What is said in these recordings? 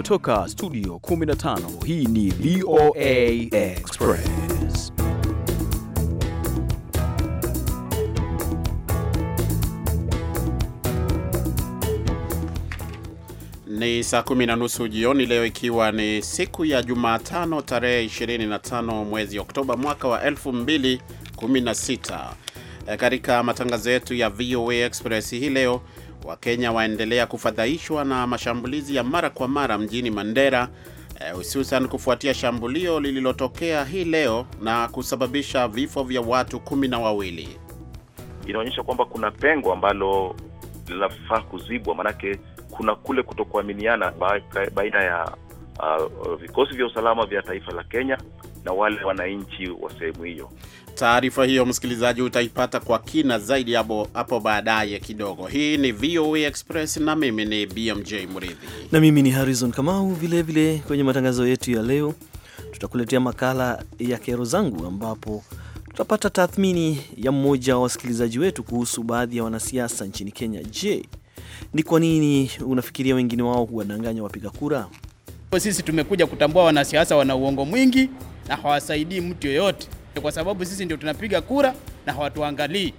kutoka studio 15 hii ni VOA Express ni saa kumi na nusu jioni leo ikiwa ni siku ya Jumatano tarehe 25 mwezi Oktoba mwaka wa 2016 e, katika matangazo yetu ya VOA Express hii leo Wakenya waendelea kufadhaishwa na mashambulizi ya mara kwa mara mjini Mandera eh, hususan eh, kufuatia shambulio lililotokea hii leo na kusababisha vifo vya watu kumi na wawili. Inaonyesha kwamba kuna pengo ambalo linafaa kuzibwa, maanake kuna kule kutokuaminiana baina ya uh, vikosi vya usalama vya taifa la Kenya na wale wananchi wa sehemu hiyo. Taarifa hiyo msikilizaji, utaipata kwa kina zaidi hapo baadaye kidogo. Hii ni VOA e Express na mimi ni BMJ Mridhi na mimi ni Harrison Kamau. Vilevile kwenye matangazo yetu ya leo tutakuletea makala ya kero zangu, ambapo tutapata tathmini ya mmoja wa wasikilizaji wetu kuhusu baadhi ya wanasiasa nchini Kenya. Je, ni kwa nini unafikiria wengine wao huwadanganya wapiga kura? Sisi tumekuja kutambua wanasiasa wana uongo mwingi na hawasaidii mtu yoyote kwa sababu sisi ndio tunapiga kura na hawatuangalii.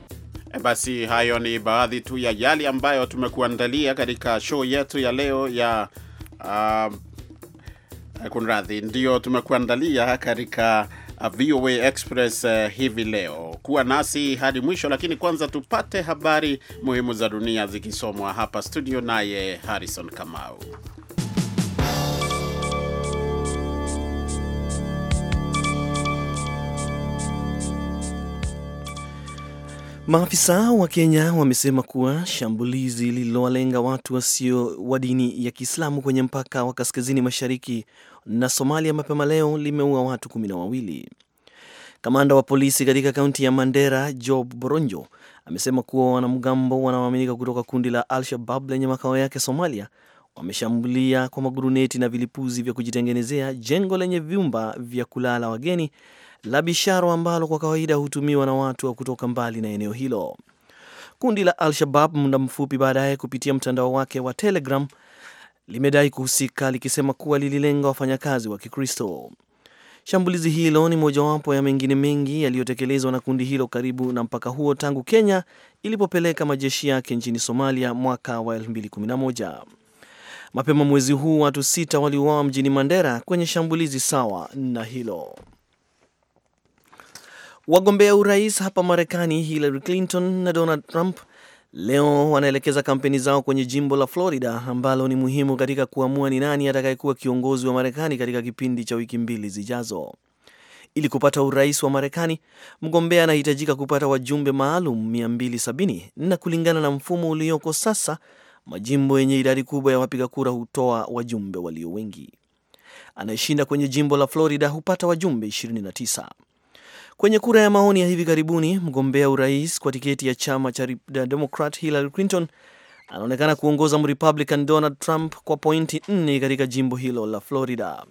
E, basi hayo ni baadhi tu ya yale ambayo tumekuandalia katika show yetu ya leo ya uh, kunradhi, ndio tumekuandalia katika uh, VOA Express uh, hivi leo. Kuwa nasi hadi mwisho, lakini kwanza tupate habari muhimu za dunia zikisomwa hapa studio naye Harrison Kamau. Maafisa wa Kenya wamesema kuwa shambulizi lililowalenga watu wasio wa dini ya Kiislamu kwenye mpaka wa kaskazini mashariki na Somalia mapema leo limeua watu kumi na wawili. Kamanda wa polisi katika kaunti ya Mandera, Job Boronjo, amesema kuwa wanamgambo wanaoaminika kutoka kundi la Al-Shabab lenye makao yake Somalia wameshambulia kwa maguruneti na vilipuzi vya kujitengenezea jengo lenye vyumba vya kulala wageni la Bisharo ambalo kwa kawaida hutumiwa na watu wa kutoka mbali na eneo hilo. Kundi la Al-Shabab muda mfupi baadaye, kupitia mtandao wake wa Telegram, limedai kuhusika likisema kuwa lililenga wafanyakazi wa Kikristo. Shambulizi hilo ni mojawapo ya mengine mengi yaliyotekelezwa na kundi hilo karibu na mpaka huo tangu Kenya ilipopeleka majeshi yake nchini Somalia mwaka wa 2011. Mapema mwezi huu watu sita waliuawa mjini Mandera kwenye shambulizi sawa na hilo. Wagombea urais hapa Marekani Hillary Clinton na Donald Trump leo wanaelekeza kampeni zao kwenye jimbo la Florida ambalo ni muhimu katika kuamua ni nani atakayekuwa kiongozi wa Marekani katika kipindi cha wiki mbili zijazo. Ili kupata urais wa Marekani, mgombea anahitajika kupata wajumbe maalum 270 na kulingana na mfumo ulioko sasa, majimbo yenye idadi kubwa ya wapiga kura hutoa wajumbe walio wengi. Anayeshinda kwenye jimbo la Florida hupata wajumbe 29. Kwenye kura ya maoni ya hivi karibuni, mgombea urais kwa tiketi ya chama cha Democrat Hillary Clinton anaonekana kuongoza Mrepublican Donald Trump kwa pointi nne katika jimbo hilo la Florida.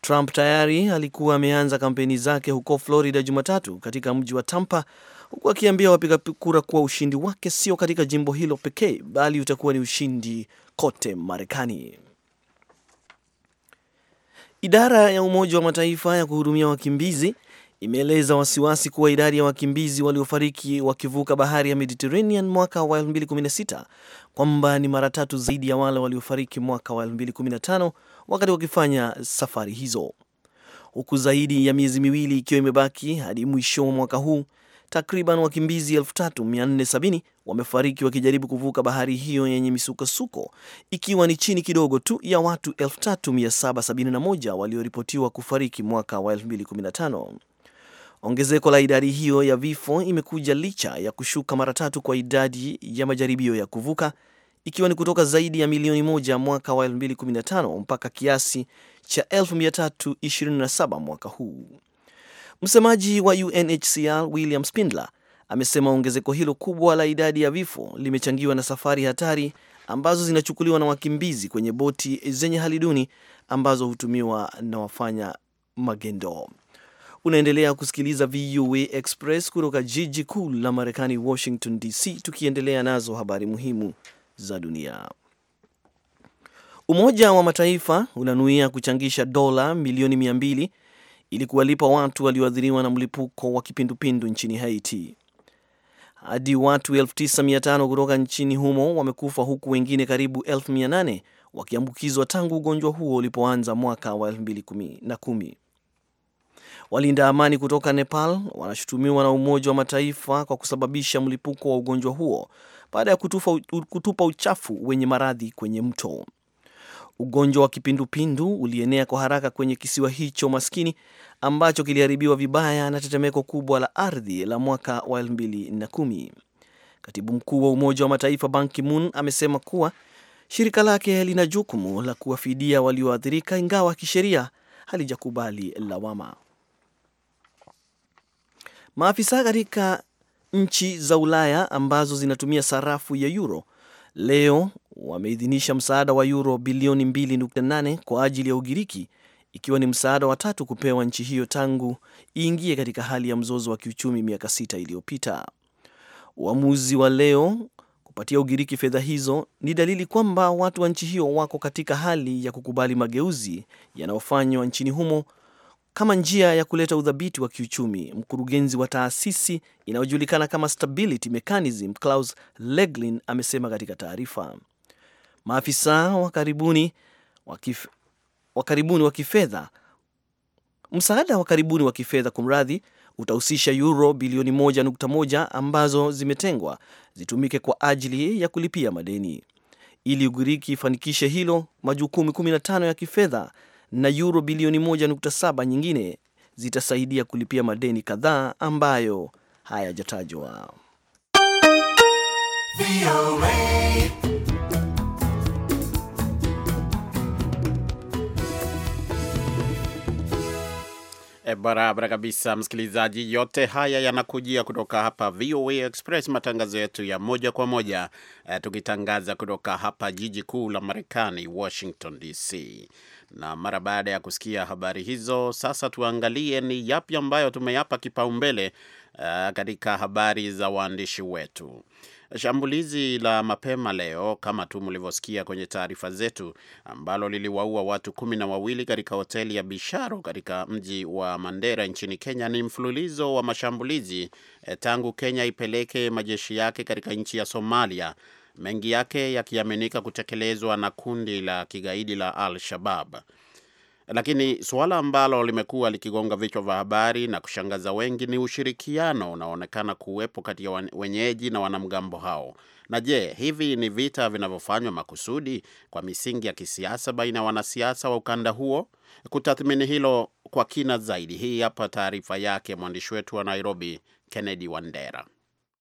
Trump tayari alikuwa ameanza kampeni zake huko Florida Jumatatu katika mji wa Tampa, huku akiambia wapiga kura kuwa ushindi wake sio katika jimbo hilo pekee, bali utakuwa ni ushindi kote Marekani. Idara ya Umoja wa Mataifa ya kuhudumia wakimbizi imeeleza wasiwasi kuwa idadi ya wakimbizi waliofariki wakivuka bahari ya Mediterranean mwaka wa 2016 kwamba ni mara tatu zaidi ya wale waliofariki mwaka wa 2015 wakati wakifanya safari hizo, huku zaidi ya miezi miwili ikiwa imebaki hadi mwisho wa mwaka huu. Takriban wakimbizi 3470 wamefariki wakijaribu kuvuka bahari hiyo yenye misukosuko, ikiwa ni chini kidogo tu ya watu 3771 walioripotiwa kufariki mwaka wa 2015. Ongezeko la idadi hiyo ya vifo imekuja licha ya kushuka mara tatu kwa idadi ya majaribio ya kuvuka, ikiwa ni kutoka zaidi ya milioni moja mwaka wa 2015 mpaka kiasi cha 1327 mwaka huu. Msemaji wa UNHCR William Spindler amesema ongezeko hilo kubwa la idadi ya vifo limechangiwa na safari hatari ambazo zinachukuliwa na wakimbizi kwenye boti zenye hali duni ambazo hutumiwa na wafanya magendo. Unaendelea kusikiliza VOA Express kutoka jiji kuu la Marekani, Washington DC, tukiendelea nazo habari muhimu za dunia. Umoja wa Mataifa unanuia kuchangisha dola milioni 200 ili kuwalipa watu walioathiriwa na mlipuko wa kipindupindu nchini Haiti. Hadi watu 95 kutoka nchini humo wamekufa huku wengine karibu 8 wakiambukizwa tangu ugonjwa huo ulipoanza mwaka wa 2010. Walinda amani kutoka Nepal wanashutumiwa na Umoja wa Mataifa kwa kusababisha mlipuko wa ugonjwa huo baada ya kutupa, kutupa uchafu wenye maradhi kwenye mto. Ugonjwa wa kipindupindu ulienea kwa haraka kwenye kisiwa hicho maskini ambacho kiliharibiwa vibaya na tetemeko kubwa la ardhi la mwaka wa 2010. Katibu mkuu wa Umoja wa Mataifa Ban Ki-moon amesema kuwa shirika lake lina jukumu la kuwafidia walioathirika, ingawa kisheria halijakubali lawama. Maafisa katika nchi za Ulaya ambazo zinatumia sarafu ya euro leo wameidhinisha msaada wa euro bilioni 2.8 kwa ajili ya Ugiriki, ikiwa ni msaada wa tatu kupewa nchi hiyo tangu iingie katika hali ya mzozo wa kiuchumi miaka sita iliyopita. Uamuzi wa leo kupatia Ugiriki fedha hizo ni dalili kwamba watu wa nchi hiyo wako katika hali ya kukubali mageuzi yanayofanywa nchini humo kama njia ya kuleta udhabiti wa kiuchumi. Mkurugenzi wa taasisi inayojulikana kama Stability Mechanism, Klaus Leglin, amesema katika taarifa. Maafisa wa karibuni wa kifedha, msaada wa karibuni wa kifedha kumradhi, utahusisha euro bilioni 1.1 ambazo zimetengwa zitumike kwa ajili ya kulipia madeni. Ili Ugiriki ifanikishe hilo, majukumu 15 ya kifedha na euro bilioni 1.7 nyingine zitasaidia kulipia madeni kadhaa ambayo hayajatajwa. E, barabara kabisa msikilizaji, yote haya yanakujia kutoka hapa VOA Express, matangazo yetu ya moja kwa moja, e, tukitangaza kutoka hapa jiji kuu la Marekani, Washington DC. Na mara baada ya kusikia habari hizo, sasa tuangalie ni yapi ambayo tumeyapa kipaumbele uh, katika habari za waandishi wetu. Shambulizi la mapema leo kama tu mlivyosikia kwenye taarifa zetu, ambalo liliwaua watu kumi na wawili katika hoteli ya Bisharo katika mji wa Mandera nchini Kenya ni mfululizo wa mashambulizi eh, tangu Kenya ipeleke majeshi yake katika nchi ya Somalia mengi yake yakiaminika kutekelezwa na kundi la kigaidi la Al-Shabab. Lakini suala ambalo limekuwa likigonga vichwa vya habari na kushangaza wengi ni ushirikiano unaoonekana kuwepo kati ya wenyeji na wanamgambo hao. Na je, hivi ni vita vinavyofanywa makusudi kwa misingi ya kisiasa baina ya wanasiasa wa ukanda huo? Kutathmini hilo kwa kina zaidi, hii hapa taarifa yake mwandishi wetu wa Nairobi, Kennedy Wandera.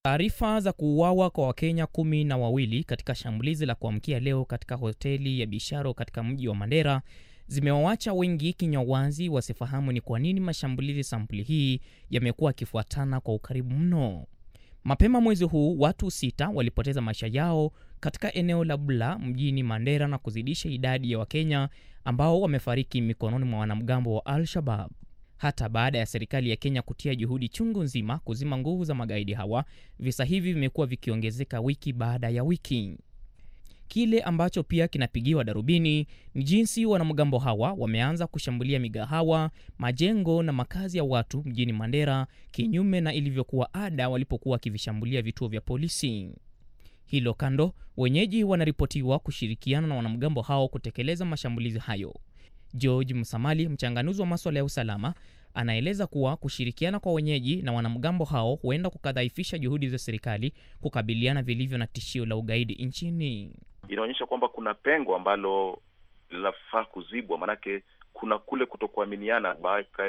Taarifa za kuuawa kwa Wakenya kumi na wawili katika shambulizi la kuamkia leo katika hoteli ya Bisharo katika mji wa Mandera zimewawacha wengi kinywa wazi, wasifahamu ni kwa nini mashambulizi sampuli hii yamekuwa yakifuatana kwa ukaribu mno. Mapema mwezi huu watu sita walipoteza maisha yao katika eneo la Bula mjini Mandera na kuzidisha idadi ya Wakenya ambao wamefariki mikononi mwa wanamgambo wa Al-Shabab. Hata baada ya serikali ya Kenya kutia juhudi chungu nzima kuzima nguvu za magaidi hawa, visa hivi vimekuwa vikiongezeka wiki baada ya wiki. Kile ambacho pia kinapigiwa darubini ni jinsi wanamgambo hawa wameanza kushambulia migahawa, majengo na makazi ya watu mjini Mandera, kinyume na ilivyokuwa ada walipokuwa wakivishambulia vituo vya polisi. Hilo kando, wenyeji wanaripotiwa kushirikiana na wanamgambo hao kutekeleza mashambulizi hayo. George Msamali, mchanganuzi wa maswala ya usalama, anaeleza kuwa kushirikiana kwa wenyeji na wanamgambo hao huenda kukadhaifisha juhudi za serikali kukabiliana vilivyo na tishio la ugaidi nchini. Inaonyesha kwamba kuna pengo ambalo linafaa kuzibwa, maanake kuna kule kutokuaminiana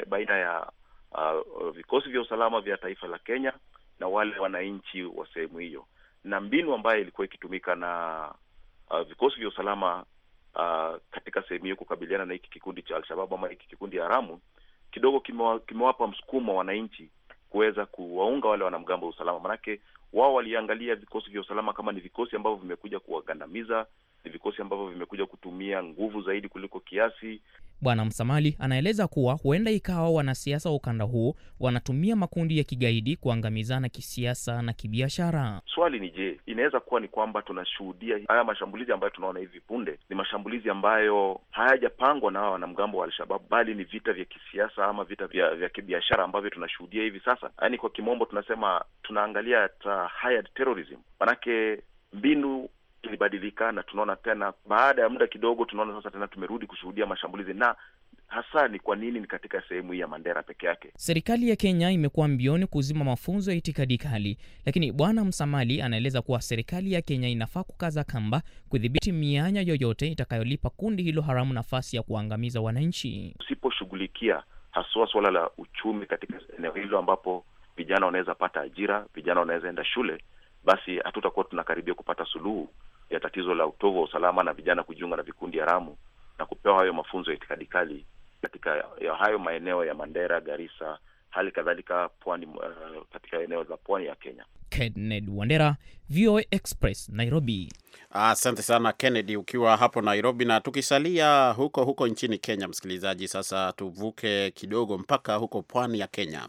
baina ya uh, vikosi vya usalama vya taifa la Kenya na wale wananchi wa sehemu hiyo, na mbinu ambayo ilikuwa ikitumika na uh, vikosi vya usalama uh, katika sehemu hiyo kukabiliana na hiki kikundi cha Alshababu ama hiki kikundi haramu kidogo kimewapa kime msukumo wananchi kuweza kuwaunga wale wanamgambo wa usalama, manake wao waliangalia vikosi vya usalama kama ni vikosi ambavyo vimekuja kuwagandamiza ni vikosi ambavyo vimekuja kutumia nguvu zaidi kuliko kiasi. Bwana Msamali anaeleza kuwa huenda ikawa wanasiasa wa ukanda huo wanatumia makundi ya kigaidi kuangamizana kisiasa na kibiashara. Swali ni je, inaweza kuwa ni kwamba tunashuhudia haya mashambulizi ambayo tunaona hivi punde ni mashambulizi ambayo hayajapangwa na hawa wanamgambo wa Alshabab, bali ni vita vya kisiasa ama vita vya, vya kibiashara ambavyo tunashuhudia hivi sasa. Yaani kwa kimombo tunasema tunaangalia high terrorism, manake mbinu ilibadilika na tunaona tena baada ya muda kidogo, tunaona sasa tena tumerudi kushuhudia mashambulizi na hasa ni kwa nini ni katika sehemu hii ya Mandera peke yake. Serikali ya Kenya imekuwa mbioni kuzima mafunzo ya itikadi kali, lakini Bwana Msamali anaeleza kuwa serikali ya Kenya inafaa kukaza kamba kudhibiti mianya yoyote itakayolipa kundi hilo haramu nafasi ya kuangamiza wananchi. Usiposhughulikia haswa suala la uchumi katika eneo hilo ambapo vijana wanaweza pata ajira, vijana wanaweza enda shule, basi hatutakuwa tunakaribia kupata suluhu ya tatizo la utovu wa usalama na vijana kujiunga na vikundi haramu na kupewa hayo mafunzo ya itikadi kali katika ya hayo maeneo ya Mandera, garisa hali kadhalika pwani, uh, katika eneo za pwani ya Kenya. Kennedy Wandera, VOA Express, Nairobi. Asante ah, sana Kennedy, ukiwa hapo Nairobi. Na tukisalia huko huko nchini Kenya, msikilizaji, sasa tuvuke kidogo mpaka huko pwani ya Kenya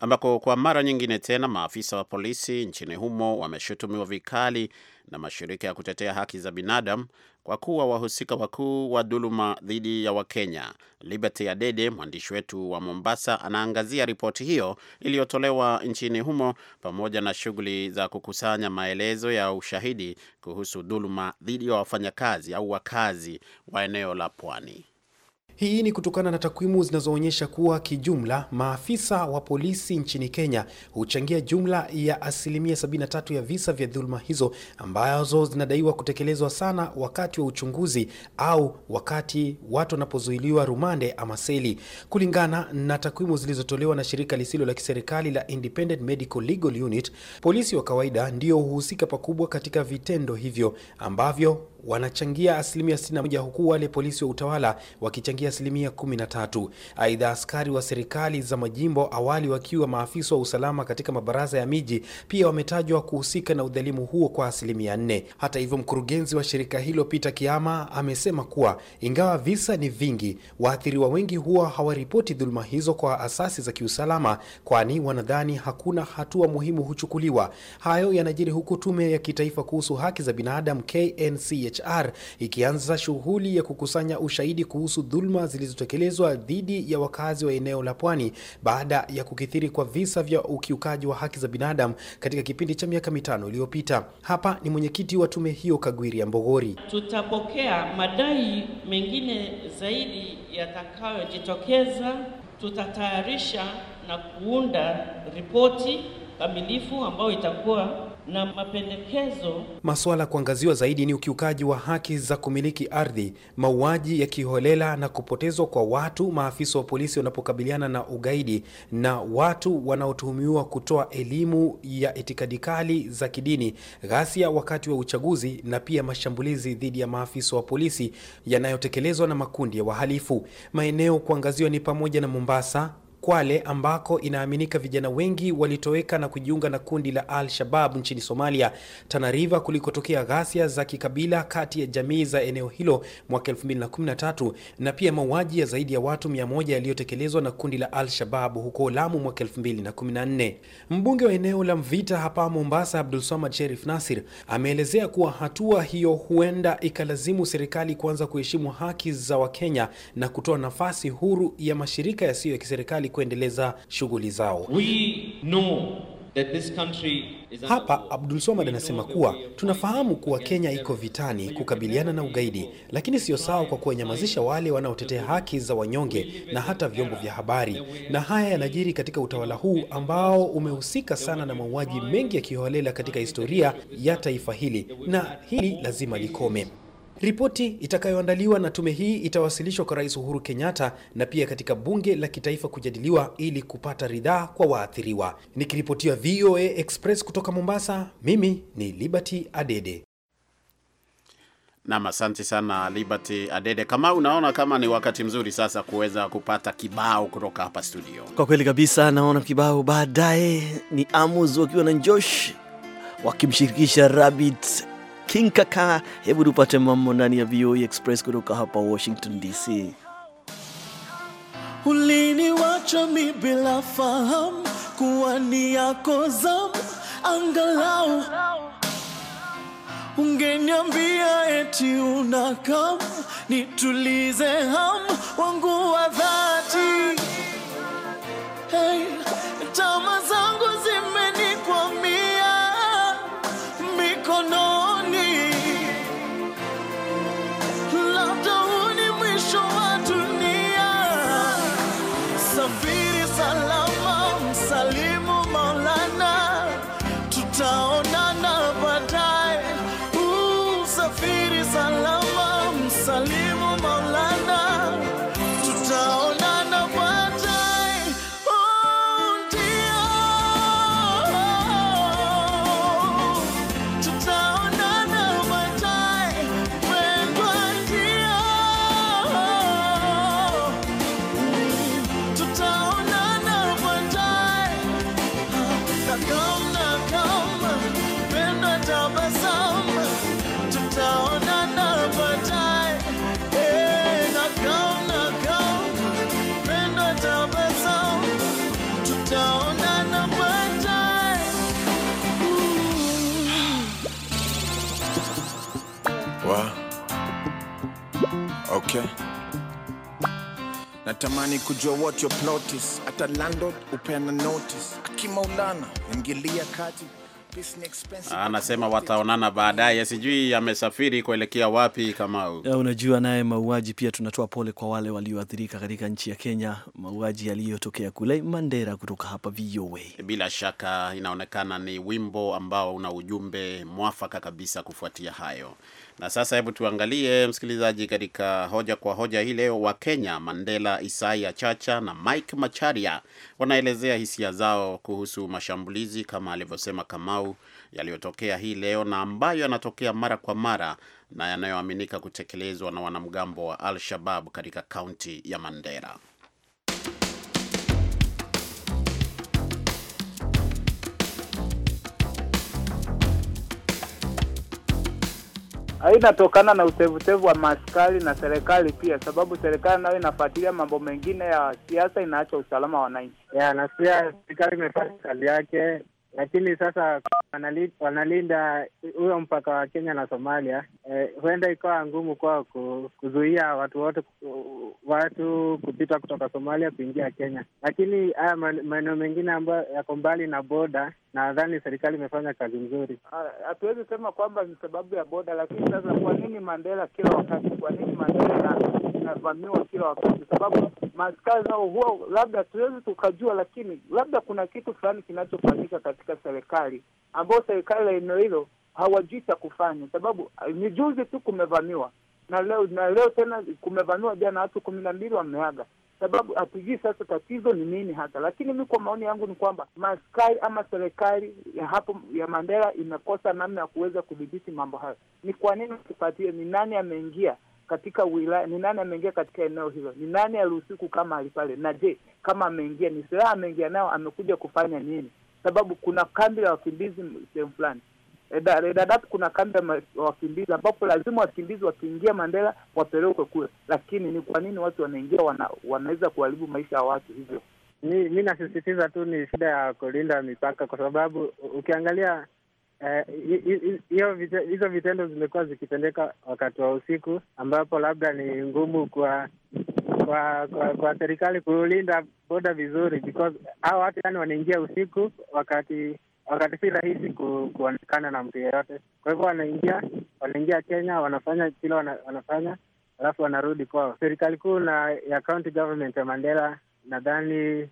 ambako kwa mara nyingine tena maafisa wa polisi nchini humo wameshutumiwa vikali na mashirika ya kutetea haki za binadamu kwa kuwa wahusika wakuu wa dhuluma dhidi ya Wakenya. Liberty Adede, mwandishi wetu wa Mombasa, anaangazia ripoti hiyo iliyotolewa nchini humo pamoja na shughuli za kukusanya maelezo ya ushahidi kuhusu dhuluma dhidi ya wafanyakazi au wakazi wa eneo la pwani. Hii ni kutokana na takwimu zinazoonyesha kuwa kijumla maafisa wa polisi nchini Kenya huchangia jumla ya asilimia 73 ya visa vya dhuluma hizo ambazo zinadaiwa kutekelezwa sana wakati wa uchunguzi au wakati watu wanapozuiliwa rumande ama seli. Kulingana na takwimu zilizotolewa na shirika lisilo la kiserikali la Independent Medical Legal Unit, polisi wa kawaida ndio huhusika pakubwa katika vitendo hivyo ambavyo wanachangia asilimia 61 huku wale polisi wa utawala wakichangia asilimia 13. Aidha, askari wa serikali za majimbo awali wakiwa maafisa wa usalama katika mabaraza ya miji pia wametajwa kuhusika na udhalimu huo kwa asilimia 4. Hata hivyo, mkurugenzi wa shirika hilo Peter Kiama amesema kuwa ingawa visa ni vingi, waathiriwa wengi huwa hawaripoti dhuluma hizo kwa asasi za kiusalama, kwani wanadhani hakuna hatua muhimu huchukuliwa. Hayo yanajiri huku tume ya kitaifa kuhusu haki za binadamu KNC DHR ikianza shughuli ya kukusanya ushahidi kuhusu dhuluma zilizotekelezwa dhidi ya wakazi wa eneo la Pwani baada ya kukithiri kwa visa vya ukiukaji wa haki za binadamu katika kipindi cha miaka mitano iliyopita. Hapa ni mwenyekiti wa tume hiyo Kagwiri Ambogori. Tutapokea madai mengine zaidi yatakayojitokeza. Tutatayarisha na kuunda ripoti kamilifu ambayo itakuwa na mapendekezo. Masuala kuangaziwa zaidi ni ukiukaji wa haki za kumiliki ardhi, mauaji ya kiholela na kupotezwa kwa watu, maafisa wa polisi wanapokabiliana na ugaidi na watu wanaotuhumiwa kutoa elimu ya itikadi kali za kidini, ghasia wakati wa uchaguzi na pia mashambulizi dhidi ya maafisa wa polisi yanayotekelezwa na makundi ya wahalifu. Maeneo kuangaziwa ni pamoja na Mombasa, Kwale ambako inaaminika vijana wengi walitoweka na kujiunga na kundi la Al-Shabab nchini Somalia. Tana River kulikotokea ghasia za kikabila kati ya jamii za eneo hilo mwaka 2013 na pia mauaji ya zaidi ya watu 100 yaliyotekelezwa na kundi la Al-Shabab huko Lamu mwaka 2014. Mbunge wa eneo la Mvita hapa Mombasa, Abdul Samad Sherif Nasir, ameelezea kuwa hatua hiyo huenda ikalazimu serikali kuanza kuheshimu haki za Wakenya na kutoa nafasi huru ya mashirika yasiyo ya kiserikali serikali kuendeleza shughuli zao. We know that this country hapa Abdul Somad anasema kuwa tunafahamu kuwa Kenya iko vitani kukabiliana na ugaidi, lakini sio sawa kwa kuwanyamazisha wale wanaotetea haki za wanyonge na hata vyombo vya habari. Na haya yanajiri katika utawala huu ambao umehusika sana na mauaji mengi ya kiholela katika historia ya taifa hili, na hili lazima likome. Ripoti itakayoandaliwa na tume hii itawasilishwa kwa Rais Uhuru Kenyatta na pia katika bunge la kitaifa kujadiliwa ili kupata ridhaa kwa waathiriwa. Nikiripotia VOA Express kutoka Mombasa, mimi ni Liberty Adede. Nam, asante sana Liberty Adede. Kama unaona kama ni wakati mzuri sasa kuweza kupata kibao kutoka hapa studio. Kwa kweli kabisa, naona kibao baadaye ni Amuzi wakiwa na josh wakimshirikisha Rabbit King Kaka. Hebu tupate mambo ndani ya VOA e Express kutoka hapa Washington DC. Uliniwacha mi bila fahamu kuwa ni yako zam, angalau ungeniambia eti unakam, nitulize ham wangu wa dhati. Hey, tamaa zangu tabasamu, tutaonana baadaye. Hey, eh, pendo tabasamu, tutaonana baadaye. Wow. Okay. Natamani kujua what your plot is. Hata landlord upeana notice. Akimaulana, ingilia kati anasema wataonana baadaye. Sijui amesafiri kuelekea wapi. Kama unajua, naye mauaji pia tunatoa pole kwa wale walioathirika katika nchi ya Kenya, mauaji yaliyotokea kule Mandera. Kutoka hapa VOA, bila shaka inaonekana ni wimbo ambao una ujumbe mwafaka kabisa kufuatia hayo. Na sasa hebu tuangalie msikilizaji, katika hoja kwa hoja hii leo, Wakenya Mandela Isaiah Chacha na Mike Macharia wanaelezea hisia zao kuhusu mashambulizi kama alivyosema Kamau yaliyotokea hii leo na ambayo yanatokea mara kwa mara na yanayoaminika kutekelezwa na wanamgambo wa Al-Shabab katika kaunti ya Mandera. inatokana na utevutevu wa maskari na serikali pia, sababu serikali nayo inafuatilia mambo mengine ya siasa, inaacha usalama wa wananchi. Yeah, na pia serikali imepata kazi yake lakini sasa wanalinda huyo mpaka wa Kenya na Somalia. Eh, huenda ikawa ngumu kwao kuzuia watu wote watu kupita kutoka Somalia kuingia Kenya, lakini haya maeneo mengine ambayo yako mbali na boda, nadhani serikali imefanya kazi nzuri. Ah, hatuwezi sema kwamba ni sababu ya boda, lakini sasa kwa nini Mandela kila wakati, kwa nini Mandela inavamiwa kila wakati, sababu maaskari nao huwa labda tuwezi tukajua, lakini labda kuna kitu fulani kinachofanyika katika serikali ambayo serikali la eneo hilo hawajui cha kufanya, sababu eh, ni juzi tu kumevamiwa na leo na leo tena kumevamiwa jana, watu kumi na mbili wameaga sababu hatujui sasa tatizo ni nini hata. Lakini mi kwa maoni yangu ni kwamba maskari ama serikali ya hapo ya Mandera imekosa namna ya kuweza kudhibiti mambo hayo. Ni kwa nini tupatie, ni nani ameingia katika wilaya, ni nani ameingia katika eneo hilo, ni nani aliusiku kama alipale pale, na je, kama ameingia ni silaha ameingia nayo, amekuja kufanya nini? Sababu kuna kambi la wakimbizi sehemu fulani eh, eh, Dadaab kuna kambi ya wakimbizi ambapo lazima wakimbizi wakiingia Mandela wapelekwe kule, lakini ni kwa nini watu wanaingia wana, wanaweza kuharibu maisha ya watu hivyo? Mi, mi nasisitiza tu ni shida ya kulinda mipaka, kwa sababu ukiangalia Eh, hizo uh, vitendo zimekuwa zikitendeka wakati wa usiku, ambapo labda ni ngumu kwa kwa kwa, kwa serikali kulinda boda vizuri, because hao watu yani wanaingia usiku wakati wakati si rahisi ku, kuonekana na mtu yeyote. Kwa hivyo wanaingia wanaingia Kenya, wanafanya kile wana, wanafanya alafu wanarudi kwao. Serikali kuu na ya county government ya Mandela nadhani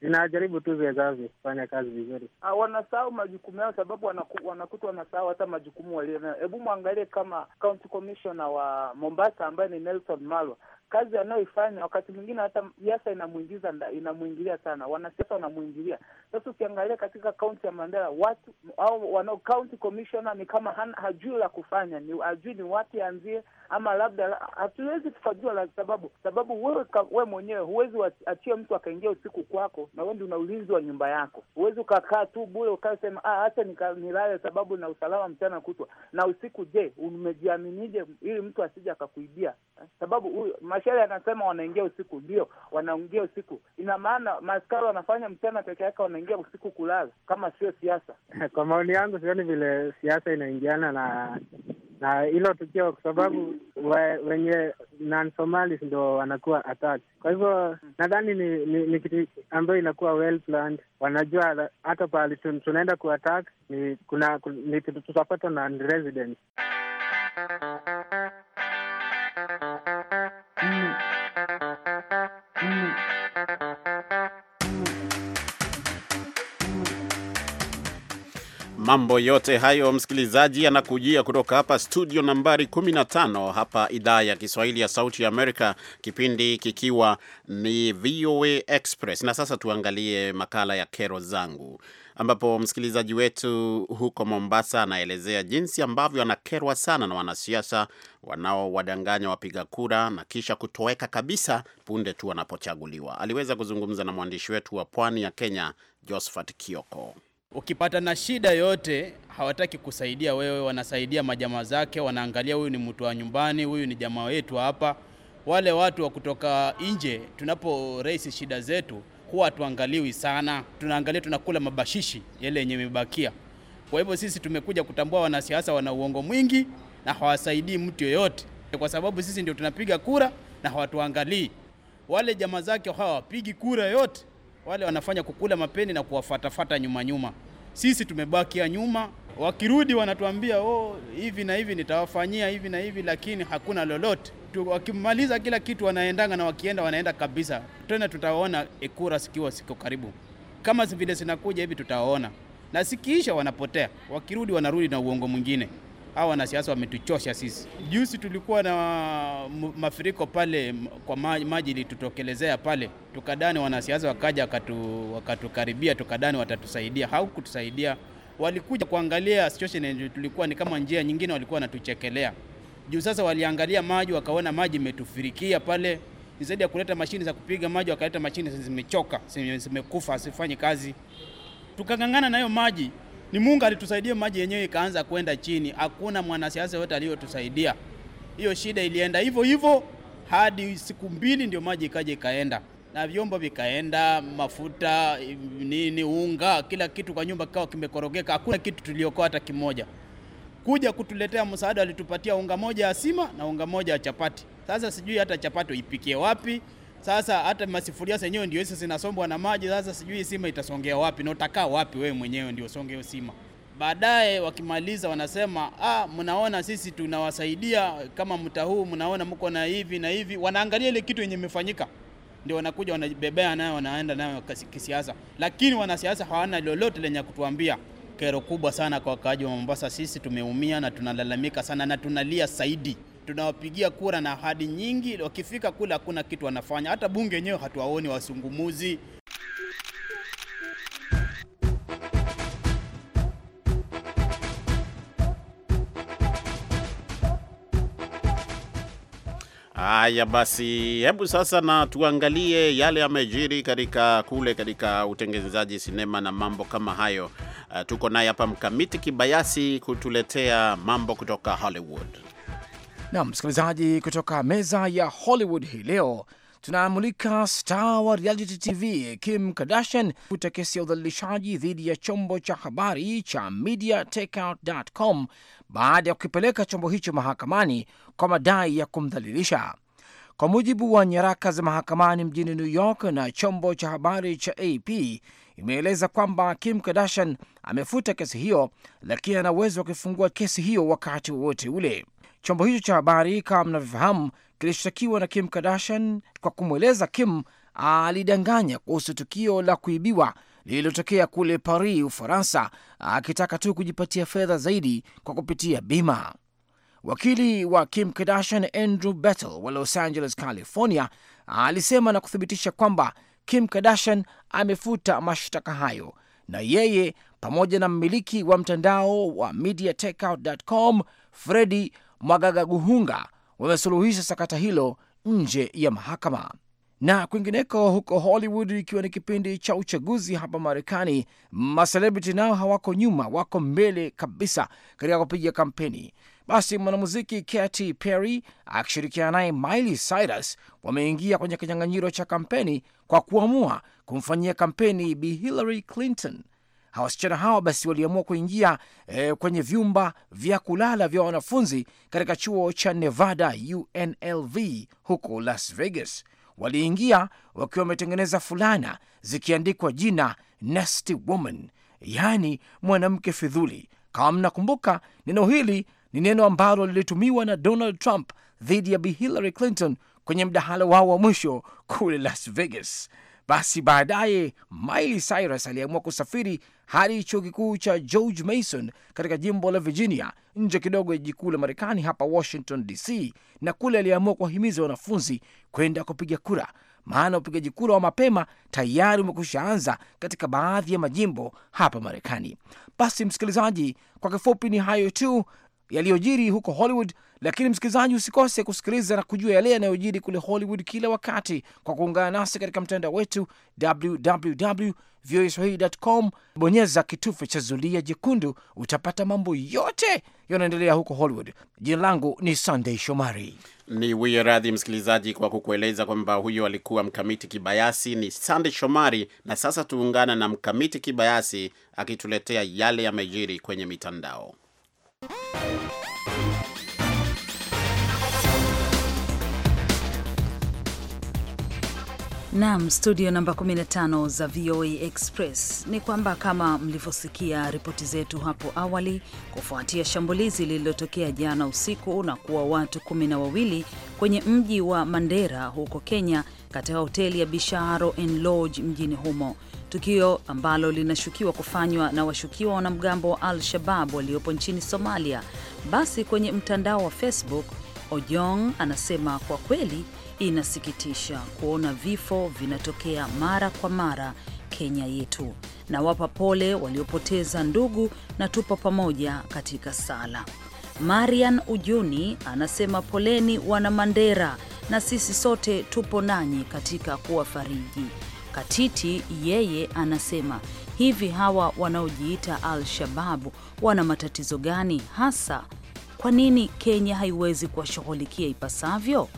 zinajaribu tu vizazi kufanya kazi vizuri. Ah, wanasahau majukumu yao, sababu wanaku, wanakutwa wanasahau hata majukumu nayo. Hebu mwangalie kama county commissioner wa Mombasa ambaye ni Nelson Malwa, kazi anayoifanya wakati mwingine hata siasa inamwingiza inamuingilia sana, wanasiasa wanamwingilia Sasa ukiangalia katika kaunti ya Mandera watu au wana county commissioner ni kama hajui la kufanya, ni hajui ni wapi anzie ama labda hatuwezi tukajua la sababu, sababu wewe we mwenyewe huwezi achie mtu akaingia usiku kwako, na wendi una ulinzi wa nyumba yako. Huwezi ukakaa tu bule ukasema ah, nilale sababu na usalama mchana kutwa na usiku. Je, umejiaminije ili mtu asije akakuibia? Sababu mashare mashari anasema wanaingia usiku, ndio wanaingia usiku. Ina maana maskari wanafanya mchana peke yake, wanaingia usiku kulala, kama sio siasa. Kwa maoni yangu, sioni vile siasa inaingiana na na hilo tukio, kwa sababu wenye non Somalis ndo wanakuwa attacked. Kwa hivyo nadhani ni, ni, ni kitu ambayo inakuwa well planned. Wanajua hata pahali tunaenda ku attack ni kuna ni tutapata na residence Mambo yote hayo msikilizaji, yanakujia kutoka hapa studio nambari 15 hapa idhaa ya Kiswahili ya Sauti ya Amerika, kipindi kikiwa ni VOA Express. Na sasa tuangalie makala ya Kero Zangu, ambapo msikilizaji wetu huko Mombasa anaelezea jinsi ambavyo anakerwa sana na wanasiasa wanaowadanganya wapiga kura na kisha kutoweka kabisa punde tu wanapochaguliwa. Aliweza kuzungumza na mwandishi wetu wa pwani ya Kenya, Josephat Kioko. Ukipata na shida yote hawataki kusaidia wewe, wanasaidia majamaa zake, wanaangalia huyu ni mtu wa nyumbani, huyu ni jamaa wetu hapa. Wale watu wa kutoka nje, tunapo raise shida zetu huwa hatuangaliwi sana, tunaangalia tunakula mabashishi yale yenye imebakia. Kwa hivyo sisi tumekuja kutambua wanasiasa wana uongo mwingi na hawasaidii mtu yoyote, kwa sababu sisi ndio tunapiga kura na hawatuangalii. Wale jamaa zake hawapigi kura yote wale wanafanya kukula mapeni na kuwafatafata nyuma nyuma. Sisi tumebakia nyuma, wakirudi wanatuambia oh, hivi na hivi nitawafanyia hivi na hivi, lakini hakuna lolote. Wakimaliza kila kitu wanaendanga, na wakienda wanaenda kabisa. Tena tutaona ekura sikiwa siko karibu, kama vile zinakuja hivi, tutaona na sikiisha, wanapotea. Wakirudi wanarudi na uongo mwingine hawa wanasiasa wametuchosha sisi. Juzi tulikuwa na mafuriko pale, kwa maji ilitutokelezea pale, tukadani wanasiasa wakaja wakatu, wakatukaribia, tukadani watatusaidia. Haukutusaidia, walikuja kuangalia situation, tulikuwa ni kama njia nyingine, walikuwa wanatuchekelea juu. Sasa waliangalia maji, wakaona maji imetufirikia pale, zaidi ya kuleta mashine za kupiga maji, wakaleta mashine zimechoka, zimekufa, hazifanyi kazi, tukang'ang'ana hiyo maji ni Mungu alitusaidia, maji yenyewe ikaanza kwenda chini. Hakuna mwanasiasa yote aliyotusaidia. Hiyo shida ilienda hivyo hivyo hadi siku mbili, ndio maji ikaja ikaenda na vyombo vikaenda, mafuta nini, unga, kila kitu kwa nyumba kikawa kimekorogeka. Hakuna kitu tuliokoa hata kimoja. Kuja kutuletea msaada, alitupatia unga moja ya sima na unga moja ya chapati. Sasa sijui hata chapati uipikie wapi. Sasa hata masifuria zenyewe ndio hizo zinasombwa na maji. Sasa sijui sima itasongea wapi na utakaa wapi wewe mwenyewe, ndio songe hiyo sima. Baadaye wakimaliza wanasema ah, mnaona sisi tunawasaidia kama mtahuu mnaona mko na hivi na hivi. Wanaangalia ile kitu yenye imefanyika, ndio wanakuja wanabebea nayo, wanaenda nayo kisiasa, lakini wanasiasa hawana lolote lenye kutuambia. Kero kubwa sana kwa wakaaji wa Mombasa, sisi tumeumia na tunalalamika sana na tunalia zaidi tunawapigia kura na ahadi nyingi, wakifika kule hakuna kitu wanafanya. Hata bunge yenyewe hatuwaoni wasungumuzi. Haya basi, hebu sasa na tuangalie yale yamejiri katika kule katika utengenezaji sinema na mambo kama hayo. Uh, tuko naye hapa Mkamiti Kibayasi kutuletea mambo kutoka Hollywood na msikilizaji, kutoka meza ya Hollywood hii leo tunaamulika star wa reality TV Kim Kardashian kuta kesi ya udhalilishaji dhidi ya chombo cha habari cha MediaTakeout.com baada ya kukipeleka chombo hicho mahakamani kwa madai ya kumdhalilisha. Kwa mujibu wa nyaraka za mahakamani mjini New York na chombo cha habari cha AP imeeleza kwamba Kim Kardashian amefuta kesi hiyo, lakini ana uwezo wa kuifungua kesi hiyo wakati wowote ule. Chombo hicho cha habari kama mnavyofahamu, kilishtakiwa na Kim Kardashian kwa kumweleza Kim alidanganya kuhusu tukio la kuibiwa lililotokea kule Paris, Ufaransa, akitaka tu kujipatia fedha zaidi kwa kupitia bima. Wakili wa Kim Kardashian Andrew Bettel wa Los Angeles, California, alisema na kuthibitisha kwamba Kim Kardashian amefuta mashtaka hayo, na yeye pamoja na mmiliki wa mtandao wa mediatekout.com Fredi Mwagagaguhunga wamesuluhisha sakata hilo nje ya mahakama. Na kwingineko huko Hollywood, ikiwa ni kipindi cha uchaguzi hapa Marekani, maselebrity nao hawako nyuma, wako mbele kabisa katika kupiga kampeni. Basi mwanamuziki Katy Perry akishirikiana naye Miley Cyrus wameingia kwenye kinyang'anyiro cha kampeni kwa kuamua kumfanyia kampeni Bi Hillary Clinton Wasichana hawa basi waliamua kuingia e, kwenye vyumba vya kulala vya wanafunzi katika chuo cha Nevada UNLV huko Las Vegas. Waliingia wakiwa wametengeneza fulana zikiandikwa jina Nasty Woman, yaani mwanamke fidhuli. Kama mnakumbuka, neno hili ni neno ambalo lilitumiwa na Donald Trump dhidi ya Bi Hillary Clinton kwenye mdahalo wao wa mwisho kule Las Vegas. Basi baadaye Miley Cyrus aliamua kusafiri hadi chuo kikuu cha George Mason katika jimbo la Virginia, nje kidogo ya jiji kuu la Marekani hapa Washington DC, na kule aliamua kuwahimiza wanafunzi kwenda kupiga kura, maana upigaji kura wa mapema tayari umekusha anza katika baadhi ya majimbo hapa Marekani. Basi msikilizaji, kwa kifupi ni hayo tu yaliyojiri huko Hollywood lakini msikilizaji, usikose kusikiliza na kujua yale yanayojiri kule Hollywood kila wakati kwa kuungana nasi katika mtandao wetu www voaswahili.com. Bonyeza kitufe cha zulia jekundu, utapata mambo yote yanaendelea huko Hollywood. Jina langu ni Sunday Shomari. Ni wiye radhi msikilizaji kwa kukueleza kwamba huyo alikuwa Mkamiti Kibayasi. Ni Sunday Shomari, na sasa tuungana na Mkamiti Kibayasi akituletea yale yamejiri kwenye mitandao Nam studio namba 15 za VOA Express ni kwamba kama mlivyosikia ripoti zetu hapo awali, kufuatia shambulizi lililotokea jana usiku na kuwa watu kumi na wawili kwenye mji wa Mandera huko Kenya, katika hoteli ya Bisharo and Lodge mjini humo, tukio ambalo linashukiwa kufanywa na washukiwa wanamgambo wa Al-Shabab waliopo nchini Somalia. Basi kwenye mtandao wa Facebook, Ojong anasema kwa kweli Inasikitisha kuona vifo vinatokea mara kwa mara Kenya yetu. Na wapa pole waliopoteza ndugu na tupo pamoja katika sala. Marian Ujuni anasema poleni wana Mandera, na sisi sote tupo nanyi katika kuwafariji. Katiti yeye anasema hivi, hawa wanaojiita Al-Shababu wana matatizo gani hasa? Kwa nini Kenya haiwezi kuwashughulikia ipasavyo?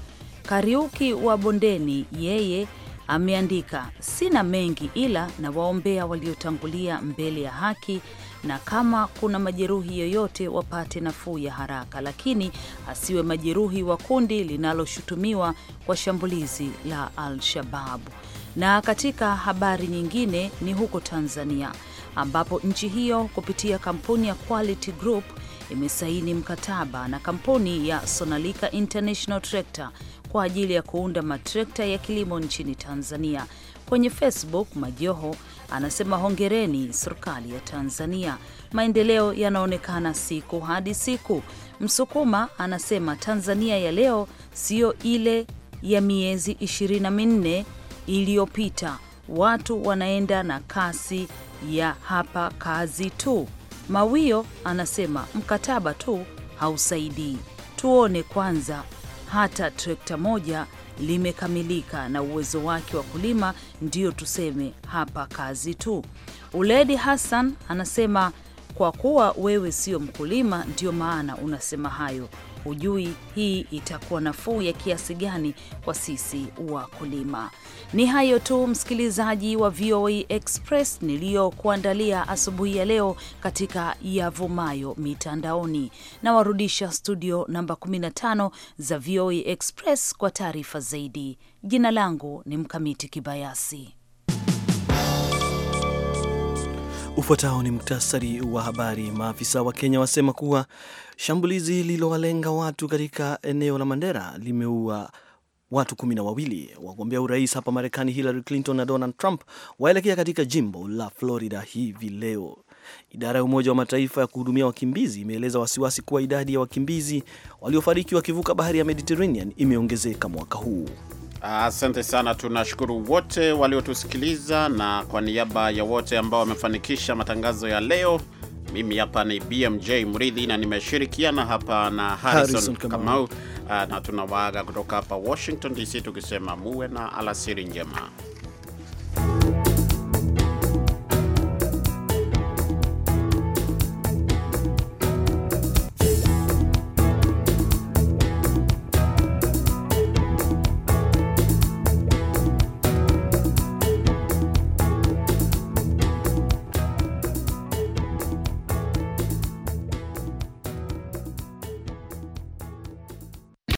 Kariuki wa Bondeni yeye ameandika sina mengi, ila na waombea waliotangulia mbele ya haki, na kama kuna majeruhi yoyote wapate nafuu ya haraka, lakini asiwe majeruhi wa kundi linaloshutumiwa kwa shambulizi la Al-Shababu. Na katika habari nyingine ni huko Tanzania ambapo nchi hiyo kupitia kampuni ya Quality Group imesaini mkataba na kampuni ya Sonalika International Tractor kwa ajili ya kuunda matrekta ya kilimo nchini Tanzania. Kwenye Facebook, Majoho anasema hongereni serikali ya Tanzania, maendeleo yanaonekana siku hadi siku. Msukuma anasema Tanzania ya leo siyo ile ya miezi ishirini na minne iliyopita, watu wanaenda na kasi ya hapa kazi tu. Mawio anasema mkataba tu hausaidii, tuone kwanza hata trekta moja limekamilika na uwezo wake wa kulima, ndio tuseme hapa kazi tu. Uledi Hassan anasema kwa kuwa wewe sio mkulima, ndio maana unasema hayo hujui hii itakuwa nafuu ya kiasi gani kwa sisi wakulima. Ni hayo tu, msikilizaji wa VOA Express niliyokuandalia asubuhi ya leo katika yavumayo mitandaoni, na warudisha studio namba 15 za VOA Express kwa taarifa zaidi. Jina langu ni Mkamiti Kibayasi. Ufuatao ni muktasari wa habari. Maafisa wa Kenya wasema kuwa shambulizi lililowalenga watu katika eneo la Mandera limeua watu kumi na wawili. Wagombea urais hapa Marekani Hillary Clinton na Donald Trump waelekea katika jimbo la Florida hivi leo. Idara ya Umoja wa Mataifa ya kuhudumia wakimbizi imeeleza wasiwasi kuwa idadi ya wakimbizi waliofariki wakivuka bahari ya Mediterranean imeongezeka mwaka huu. Asante sana, tunashukuru wote waliotusikiliza, na kwa niaba ya wote ambao wamefanikisha matangazo ya leo, mimi hapa ni BMJ Mridhi na nimeshirikiana hapa na Harrison, Harrison Kamau, ah, na tunawaaga kutoka hapa Washington DC tukisema muwe na alasiri njema.